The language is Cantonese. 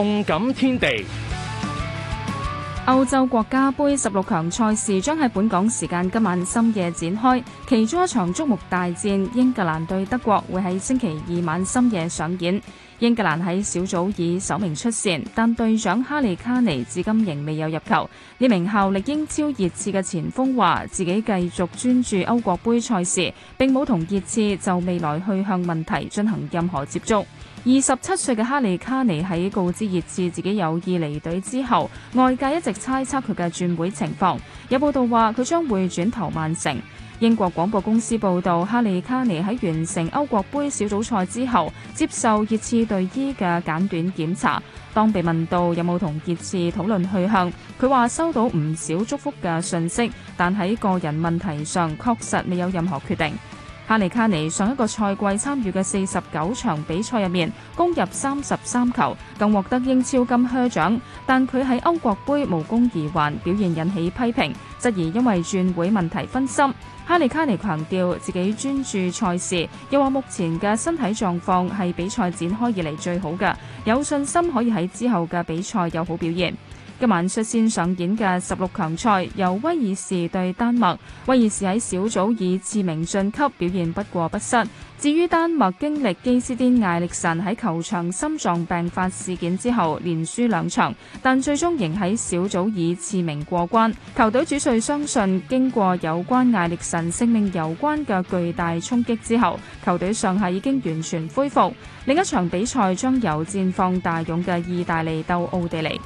動感天地，歐洲國家盃十六強賽事將喺本港時間今晚深夜展開，其中一場矚目大戰英格蘭對德國會喺星期二晚深夜上演。英格蘭喺小組以首名出線，但隊長哈利卡尼至今仍未有入球。呢名效力英超熱刺嘅前鋒話，自己繼續專注歐國杯賽事，並冇同熱刺就未來去向問題進行任何接觸。二十七歲嘅哈利卡尼喺告知熱刺自己有意離隊之後，外界一直猜測佢嘅轉會情況。有報道話佢將會轉投曼城。英國廣播公司報道，哈利卡尼喺完成歐國杯小組賽之後，接受熱刺隊醫嘅簡短檢查。當被問到有冇同熱刺討論去向，佢話收到唔少祝福嘅信息，但喺個人問題上確實未有任何決定。哈利卡尼上一個賽季參與嘅四十九場比賽入面，攻入三十三球，更獲得英超金靴獎。但佢喺歐國杯無功而還，表現引起批評，質疑因為轉會問題分心。哈利卡尼強調自己專注賽事，又話目前嘅身體狀況係比賽展開以嚟最好嘅，有信心可以喺之後嘅比賽有好表現。今晚率先上演嘅十六強賽，由威爾士對丹麥。威爾士喺小組以次名晉級，表現不過不失。至於丹麥，經歷基斯甸艾力神喺球場心臟病發事件之後，連輸兩場，但最終仍喺小組以次名過關。球隊主帥相信，經過有關艾力神性命攸關嘅巨大衝擊之後，球隊上下已經完全恢復。另一場比賽將由戰況大勇嘅意大利鬥奧地利。